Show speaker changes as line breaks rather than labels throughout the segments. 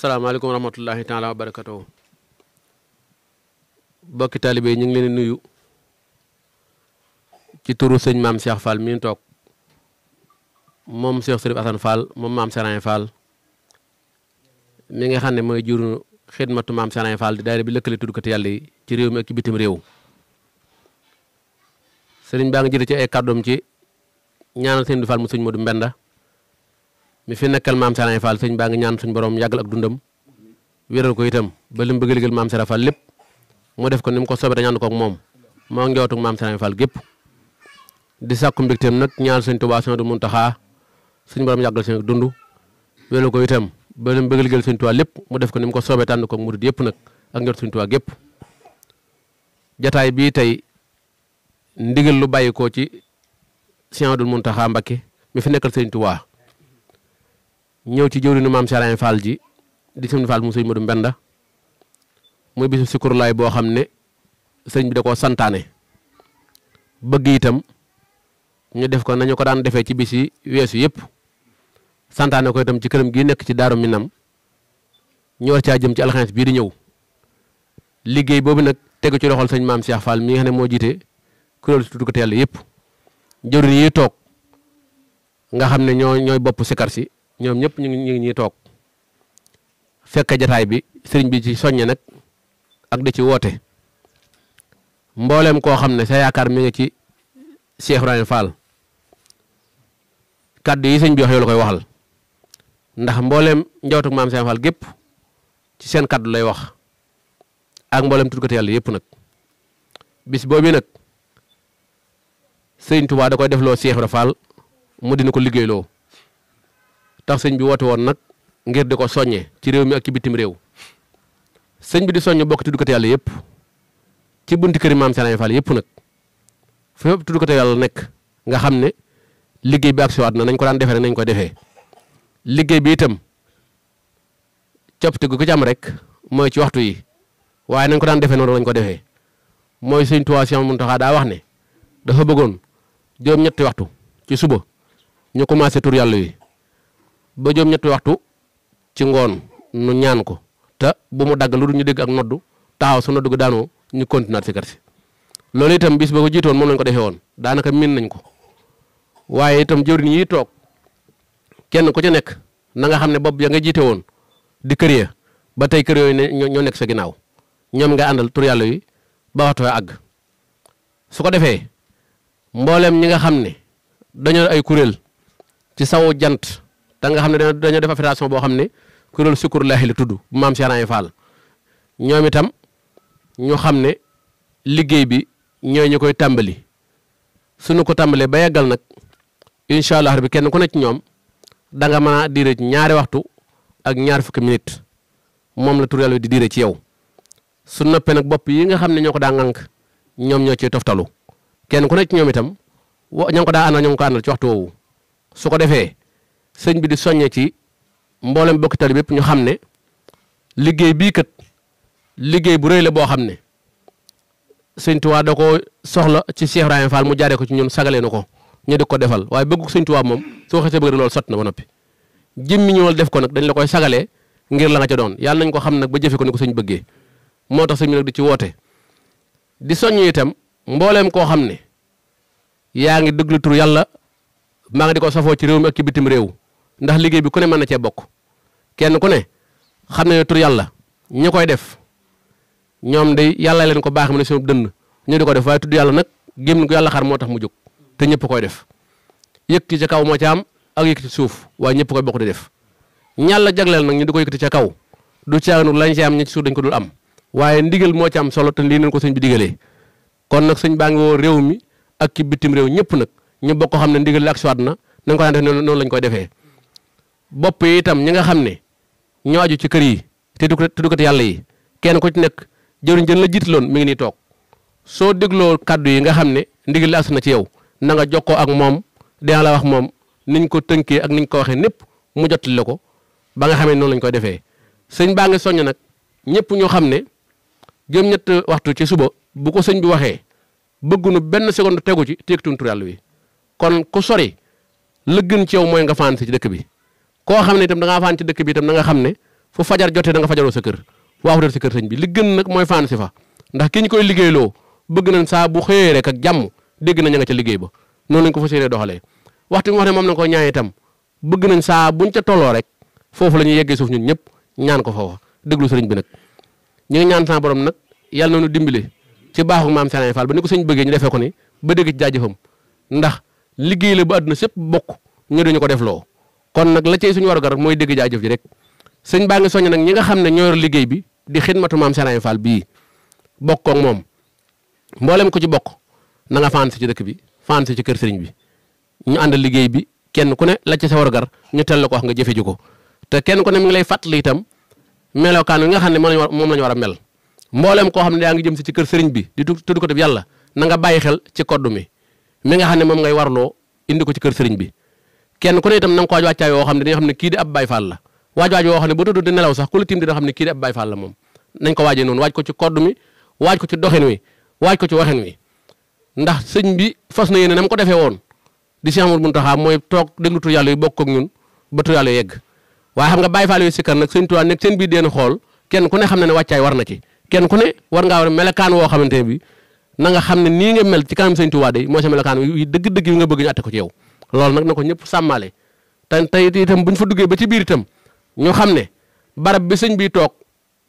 assalamu alaykum rahmatullahi taala wa barakatuh bokki talibé ñing leen nuyu ci turu sëñ mam Cheikh Fall mi tok mom Cheikh serif Assane Fall mom mam Serigne Fall mi nga xamné moy juru khidmatu mam Serigne Fall di daara bi tuddu ko te yalla ci réew mi ak ci bitim rew serigne baa ci ay ci ñaanal seigne Fall mu seigne Modou Mbenda mi fi nekkal maam Sara Fall sëñ baa ngi ñaan suñ borom yàggal ak dundam wéral ko itam ba li mu bëgg a liggéeyal maam Sara Fall lépp mu def ko ni ko soobee dañu ànd moom moo njootu maam Sara gépp di sàkku mbégteem nag ñaan sëñ Tuubaa sëñ du suñ borom yàggal seen dund wéral ko itam ba li mu lépp mu def ko nim ko soobee tànn koog murid yëpp nag ak njootu sëñ Tuubaa gépp jataay bii tey ndigal lu bàyyi ko ci sëñ du Muntaxaa Mbakke mi fi nekkal sëñ ñëw ci jëwrinu maam Serigne Fall ji di sëñ Fall mu sëñ Modou Mbenda muy bisu sikurlaay boo xam ne sëñ bi da ko santaane bëgg itam ñu def ko nañu ko daan defee ci bis yi weesu yëpp santaane ko itam ci këram gi nekk ci Daaru Minam ñu war caa jëm ci alxames bii di ñëw liggéey boobu nag tegu ci loxol sëñ maam Cheikh Fall mi nga moo jiite kuréel si tudd ko teel yëpp jëwriñ yi toog nga xam ne ñoo ñooy bopp sikar si ñoom ñëpp ñu ngi ñu ngi ñuy toog fekk jataay bi sëriñ bi ci soññe nag ak di ci woote mbooleem koo xam ne sa yaakaar mu ngi ci Cheikh Ibrahima Fall kaddu yi sëñ bi wax yow la koy waxal ndax mbooleem njawtuk maam Cheikh Fall gépp ci seen kaddu lay wax ak mbooleem tuddkati yàlla yëpp nag bis boobu nag sëriñ Touba da koy defloo Cheikh Ibrahima Fall mu dina ko liggéeyloo tax señ bi woote won nak ngir diko soñé ci réew mi ak bitim réew señ bi di soñu bokk tuddu kat yalla yépp ci bunti kër imam Serigne Fall yépp nak fepp tuddu kat yalla nek nga xamné liggéey bi ak ci wat nañ ko daan défé rek nañ ko défé liggéey bi itam coppite gu ko ci am rek moy ci waxtu yi waye nañ ko daan défé non lañ ko défé moy señ Tuubaa Séex muntaha da wax né dafa bëggoon juróom-ñetti waxtu ci suba ñu commencé tour yalla yi ba juróom ñetti waxtu ci ngoon nu ñaan ko te bu mu dagg lu dul ñu dégg ak noddu taaw su noddu gi daanoo ñu continuer si kër si loolu itam bis ba ko jiitoon moom lañ ko defee woon daanaka miin nañ ko waaye itam jëwriñ yi toog kenn ku ci nekk na xam ne bopp ya nga jiite woon di kër ya ba tey kër yooyu ne ñoo nekk sa ginnaaw ñoom nga àndal tur yàlla yi ba waxtu wa àgg su ko defee mbooleem ñi nga xam ne dañoo ay kuréel ci sawu jant da nga xam ne dañoo def fédération boo xam ne kuréel sukkur laahi la tudd maam Cheikh Fall ñoom itam ñoo xam ne liggéey bi ñooy ñu koy tàmbali suñu ko tàmbalee ba yeggal nag incha allah bi kenn ku nekk ci ñoom da nga mën ñaari waxtu ak ñaar fukki minute moom la tur yàlla di diire ci yow su noppee nag bopp yi nga xam ne ñoo ko daa ŋànk ñoom ñoo ciy toftalu kenn ku ne ci ñoom itam wa ña ko daa àndal ñoo ko àndal ci waxtu woowu su ko defee. sëñ bi di soññee ci mboolem bokki tali bépp ñu xam ne liggéey bii kat liggéey bu rëy la boo xam ne sëñ Tuubaa da ko soxla ci Cheikh Ibrahima Fall mu jaaree ko ci ñun sagalee na ko ñu di ko defal waaye bëgg sëñ Tuubaa moom soo xasee bëgg loolu sot na ba noppi jëmmi ñëwal def ko nag dañ la koy sagalee ngir la nga ca doon yàlla nañ ko xam nag ba jëfe ko ni ko sëñ bëggee moo tax sëñ bi nag di ci woote di soññ itam mbooleem koo xam ne yaa ngi déglu yàlla maa ngi ko safoo ci réew bitim réew ndax liggéey bi ku ne mën na cee bokk kenn ku ne xam ne tur yàlla ñi koy def ñoom day yàlla leen ko baax mu ne seen dënn ñu di ko def waaye tudd yàlla nag gémmiñ ko yàlla xar moo tax mu jóg te ñëpp koy def yëkkati ca kaw moo ca am ak ci suuf waaye ñëpp koy bokk di def ñàlla jagleel nag ñu di ko yëkkati ca kaw du caaginu lañ ci am ñi ci suuf dañ ko dul am waaye ndigal moo ci am solo te lii neen ko sëñ bi digalee kon nag suñ baa ngi woo réew mi ak ki bitim réew ñëpp nag ñu bokk xam ne ndigal la ak na na nga ko daan def noonu lañ koy defee bopp yi itam ñi nga xam ne ñoo aju ci kër yi te du tuddukati yàlla yi kenn ku ci nekk jëriñ jën la jiitaloon mu ngi nii toog soo dégloo kàddu yi nga xam ne ndigal la as na ci yow na nga jokkoo ak moom dina la wax moom niñ ko tënkee ak niñ ko waxee népp mu jottali la ko ba nga xamee noonu lañ koy defee sëñ baa ngi soññ nag ñëpp ñoo xam ne juróom-ñett waxtu ci suba bu ko sëñ bi waxee bëggunu benn seconde tegu ci téeg tuntu yàlla kon ku sori la gën ci yow mooy nga fanaan ci dëkk bi koo xam ne itam da ngaa faan ci dëkk bi itam na nga xam ne fu fajar jotee da nga fajaroo sa kër waaxutal si kër sëñ bi li gën nag mooy faan si fa ndax ki ñu koy liggéeyloo bëgg nañ saa bu xëyee rek ak jàmm dégg na ña ca liggéey ba noonu lañ ko fas yéene doxalee waxtu bi ne moom na ko ñaan itam bëgg nañ saa buñ ca tolloo rek foofu la ñuy yeggee suuf ñun ñëpp ñaan ko foofa déglu sëriñ bi nag ñu ngi ñaan sa borom nag yàlla na ñu dimbale ci baaxu maam Serigne Fall ba ni ko sëñ bëggee ñu defee ko ni ba dégg ci jaajëfam ndax liggéey la ba àdduna sépp bokk ñu ko def loo kon nak la cay suñu gar moy deug jaajeuf ji rek señ baangi soñ nak ñi nga xamne ne ñoo bi di xidmatu maam senay Fall bi bokk ak mom mboolem ko ci bokk na nga fan si ci dekk bi fan si ci kër señ bi ñu and liggey bi kenn ku ne la ci sa war gar ñu tel ko wax nga jëfe ji te kenn ku ne mi ngi lay fàttali itam melokan nga xamne mom lañu wara mel mboolem ko xamne ya nga jëm si ci kër señ bi di tuddu ko def yalla na nga bayyi xel ci koddu mi mi nga xamne mom ngay warlo indi ko ci kër señ bi kenn ku ne itam na nga ko waaj wàccaay woo xam ne dañoo xam ne kii di ab Baay waaj waaj woo xam ne ba tudd di nelaw sax ku la tiim di doo xam ne kii di ab Baay Faal la moom nañ ko waajee noonu waaj ko ci kodd mi waaj ko ci doxin wi waaj ko ci waxin wi ndax sëñ bi fas na yéene na mu ko defee woon di Cheikh Amadou taxaa mooy toog déglu tur yàlla yi bokk ak ñun ba tur yàlla yegg waaye xam nga Baay Faal yooyu sikkar nag sëñ waa nekk seen biir deen xool kenn ku ne xam ne ne wàccaay war na ci kenn ku ne war ngaa war melekaan woo xamante ne bi na nga xam ne nii nga mel ci kanam sëñ Tuubaa day dëgg-dëgg nga bëgg ñu ko ci yow loolu nag na ko ñëpp sàmmale te tey itam bu ñu fa duggee ba ci biir itam ñu xam ne barab bi sëñ bi toog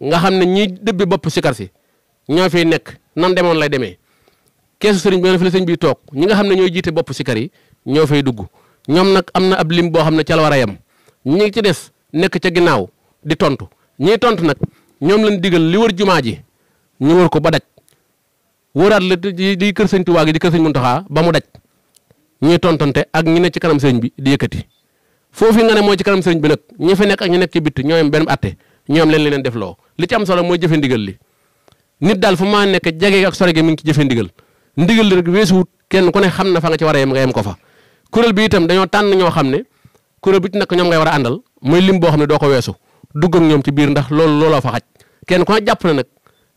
nga xam ne ñii dëbbi bopp sikar si ñoo fiy nekk nan demoon lay demee keesu sëriñ bi fi sëñ bi toog ñi nga xam ne ñooy jiite bopp sikar yi ñoo fay dugg ñoom nag am na ab lim boo xam ne ca la war a yem ñi ci des nekk ca ginnaaw di tontu ñiy tontu nag ñoom lañ digal li wër jumaa ji ñu wër ko ba daj wëraat la di kër sëñ waa gi di kër sëñ Muntaxaa ba mu daj ñuy tontante ak ñu nekk ci kanam sëriñ bi di yëkkati foofu nga ne mooy ci kanam sëriñ bi nag ñi fi nekk ak ñi nekk ci bitti benn atte ñoom leen leen def loo li ci am solo mooy jëfe li nit daal fu maa nekk jege ak sore mi ngi ci jëfe ndigal ndigal li rek weesuwut kenn ku ne xam na fa ci war a yem ko fa kuréel bi dañoo tànn ñoo xam ne kuréel bi ci nag ñoom ngay war a àndal mooy lim boo xam ne doo ko weesu dugg ñoom ci biir ndax loolu looloo fa xaj kenn ku ne jàpp na nag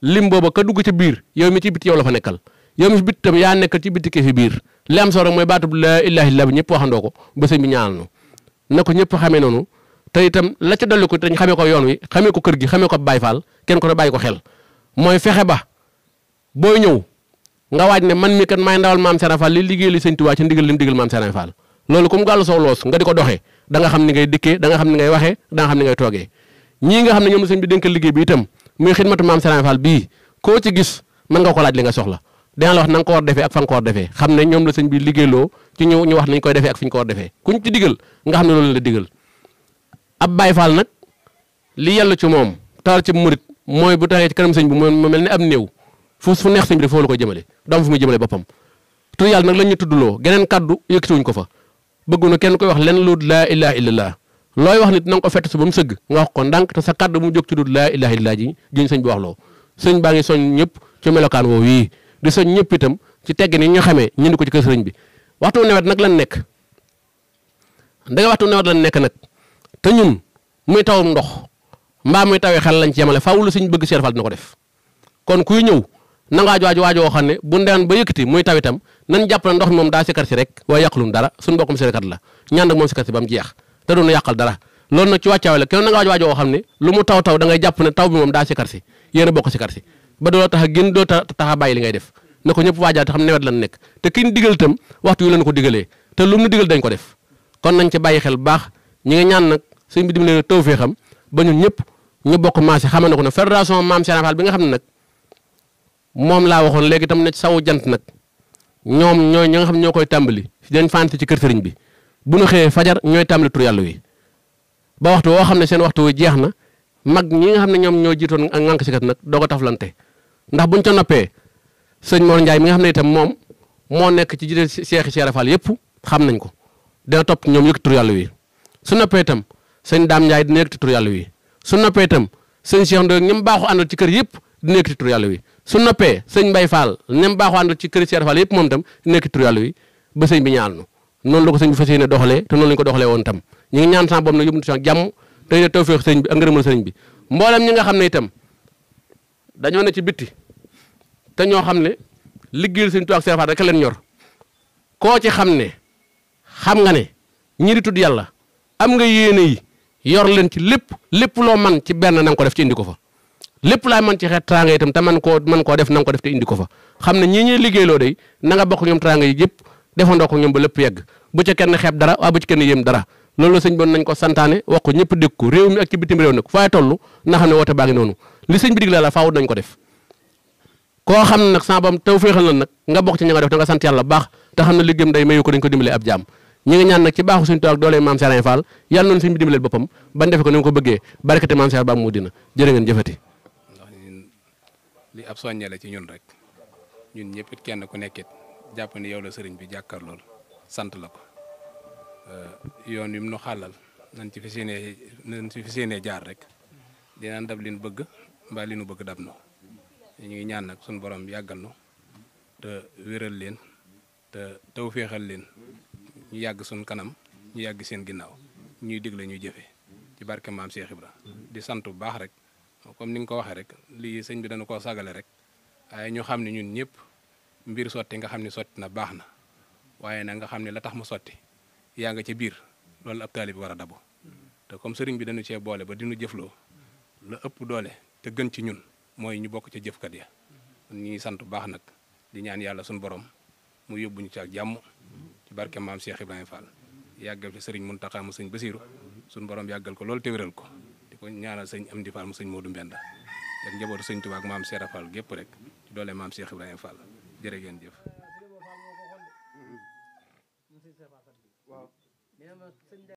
lim booba ka dugg ci biir yow mi ci bitti yow la fa nekkal yow mi ci bitti itam yaa nekkal ci bitti ke fi biir li am solo mooy la laa ilaaha illallaah bi bu señ bi ñaanal nu nako ñepp ñëpp nonu te itam la ca dolli te ñu ko yoon wi xamee ko kër gi xamee ko Baay Faal ko ne bàyyi ko xel moy fexé ba boy ñew nga waj ne man mi kan may ndawal maam Serigne Fall li liggéey li señ tuwa ci ndigal li digal maam Serigne lolu kum comme gàllu los nga diko doxé da nga xam ni ngay dikké da nga xam ni ngay waxé da nga xam ni ngay ñi nga xam ni ñom señ bi denk liggéey bi itam muy xidmatu mam ci gis man nga ko laaj li nga soxla dina wax na nga ko war defee ak fa nga ko war defee xam ne ñoom la sëñ bi liggéeyloo ci ñu ñu wax nañ koy defee ak fi ko war defee kuñ ci digal nga xam ne loolu la digal ab Baay Faal nag li yàlla ci moom taal ci murit mooy bu taxee ci kanam sëñ bi mu mel ne am néew fu fu neex sëñ bi la ko jëmale doom fu muy jëmale boppam tur yàlla nag lañ ñu tuddloo geneen kàddu yëkkatiwuñ ko fa bëggu kenn koy wax lenn lu laa ilaha illallah looy wax nit na nga ko ba mu sëgg nga wax ko ndànk sa kàddu mu jóg ci dul laa ilaha illallah ji juñ sëñ bi wax loo sëñ baa ngi ci melokaan woowu yii di soñ ñëpp itam ci teggin yi ñu xamee ñu ni ko ci kër sëriñ bi waxtu nawet nag lan nekk danga waxtu nawet lan nekk nag te ñun muy tawum ndox mbaa muy tawee xel lañ ci yemale faaw lu bëgg seer dina ko def kon kuy ñëw nangaa waaj waaj woo xam ne bu ndeen ba yëkkati muy taw itam nan jàpp ne ndox mi moom daa sikkar si rek waaye yàqulun dara suñu mbokkum sikarkat la ñaan ak moom sikkar si ba mu jeex te doon yàqal dara loolu nag ci wàccaawale kenn nangaa waaj waaj woo xam ne lu mu taw taw da ngay jàpp ne taw bi moom daa sikkar si yéen a bokk sikkar si ba doo tax gën do doo tax bay li ngay def nako ko ñëpp waajal te xam nawet lan nek te kiñ digal tam waxtu yu lan ko digalee te lu mu nu digal dañ ko def kon nañ ci bayyi xel bax ñi nga ñaan nak sëñ bi dim leen xam ba ñun ñep ñu bokk maase xamal na ko na fédération mam Cheikh bi nga xam nak mom la waxon waxoon tam itam ne sawu jant nak ñom ñoy ñi nga xam ñokoy tambali dañ fànte ci kër sëriñ bi bu ñu xé fajar ñoy tambali tur yalla wi ba waxtu wo xam seen waxtu wi mag ñi nga xam ne ñoom ñoo jiitoon ak ngànk si kat nag doo ko taflante ndax buñ ca noppee sëñ Mor Ndiaye mi nga xam ne itam moom moo nekk ci jiite seexi Cheikh Fall yëpp xam nañ ko dina topp ñoom yëkkati tur yàlla su noppee itam sëñ Daam Ndiaye dina yëkkati tur yàlla su noppee itam sëñ Cheikh Ndoye ñoom baaxoo àndal ci kër yëpp dina yëkkati tur yàlla wi su noppee sëñ Mbaye Fall ñoom baaxoo àndal ci kër Cheikh moom tam dina yëkkati tur wi ba sëñ bi ñaan noonu la ko sëñ bi fas yéene doxalee te noonu lañ ko doxalee woon itam ñu ngi ñaan sa boom nag tey taw tawféex sëriñ bi ak ngërëmal sëriñ bi mboolem ñi nga xam ne itam dañoo ne ci bitti te ñoo xam ne liggéey sëriñ Tuubaa ak Sëriñ Faal leen ñor koo ci xam ne xam nga ne ñi tudd yàlla am nga yéene yi leen ci lépp lépp loo man ci benn na ko def ci indi ko fa lépp laa man ci xeet teraanga itam te man koo man koo def na nga ko def indi ko fa xam ne ñii ñuy liggéeyloo day na nga bokk ñoom teraanga yi yëpp defandoo ko ñoom ba lépp yegg bu ca kenn xeeb dara waa bu kenn yéem dara lolu señ bon nañ ko santaane waxu ñepp ñëpp dégg ko réew mi ak ci bitim réew nak faay tollu na wota nonu li señ bi digla la faaw nañ ko def ko xam nak nag sa bam taw féexal nga bok ci ñinga def da nga sant yalla bax ta day mayu ko dañ ko dimbali ab jam. ñinga ñaan nak ci baaxu señ tok dole mam Serigne Fall yalla noonu señ bi dimbaleel bopam ban def ko ñu ko bëggee barkate mam Serigne Ba mu dina jërë ngeen jëfëti
li ab la ci ñun rek ñun ñepp kenn ku nekkit japp ni yow la señ bi jakkar lool sant la Eh, yoon wi mu halal xàllal nañ ci fas yéenee nañ ci fas yéenee jaar rek dab li nu bëgg mbaa li nu bëgg dab no ñu ngi ñaan nak suñu borom yagal no te wëral leen te tawfiixal leen ñu kanam ñu yag seen ginnaw ñuy digle ñuy jëfé ci barké maam Cheikh Ibra di santu baax rek comme ni nga ko waxee rek li señ bi dana ko sagalé rek ay ñu xamni ñun ñëpp mbir soti nga xamni soti na baax na nga xamni la tax mu soti yaa nga ca biir loolu ab taalibe war a dabu te comme sëriñ bi dañu cee boole ba dinu jëfloo la ëpp doole te gën ci ñun mooy ñu bokk ca jëfkat ya ñu ngi sant bu baax nag di ñaan yàlla suñu borom mu ñu ci ak jàmm ci barke maam Cheikh ibrahim Fall yàggal fi sëriñ Muntaxa mu sëñ basiru suñu borom yàggal ko loolu te wéral ko di ko ñaanal sëñ Amdi Fall mu sëñ Moodu Mbenda ak njabootu sëñ Tuubaa ak maam Cheikh Fall gépp rek ci doole maam Cheikh ibrahim Fall jërë ngeen jëf
ക്ഷേമത്തിന്റെ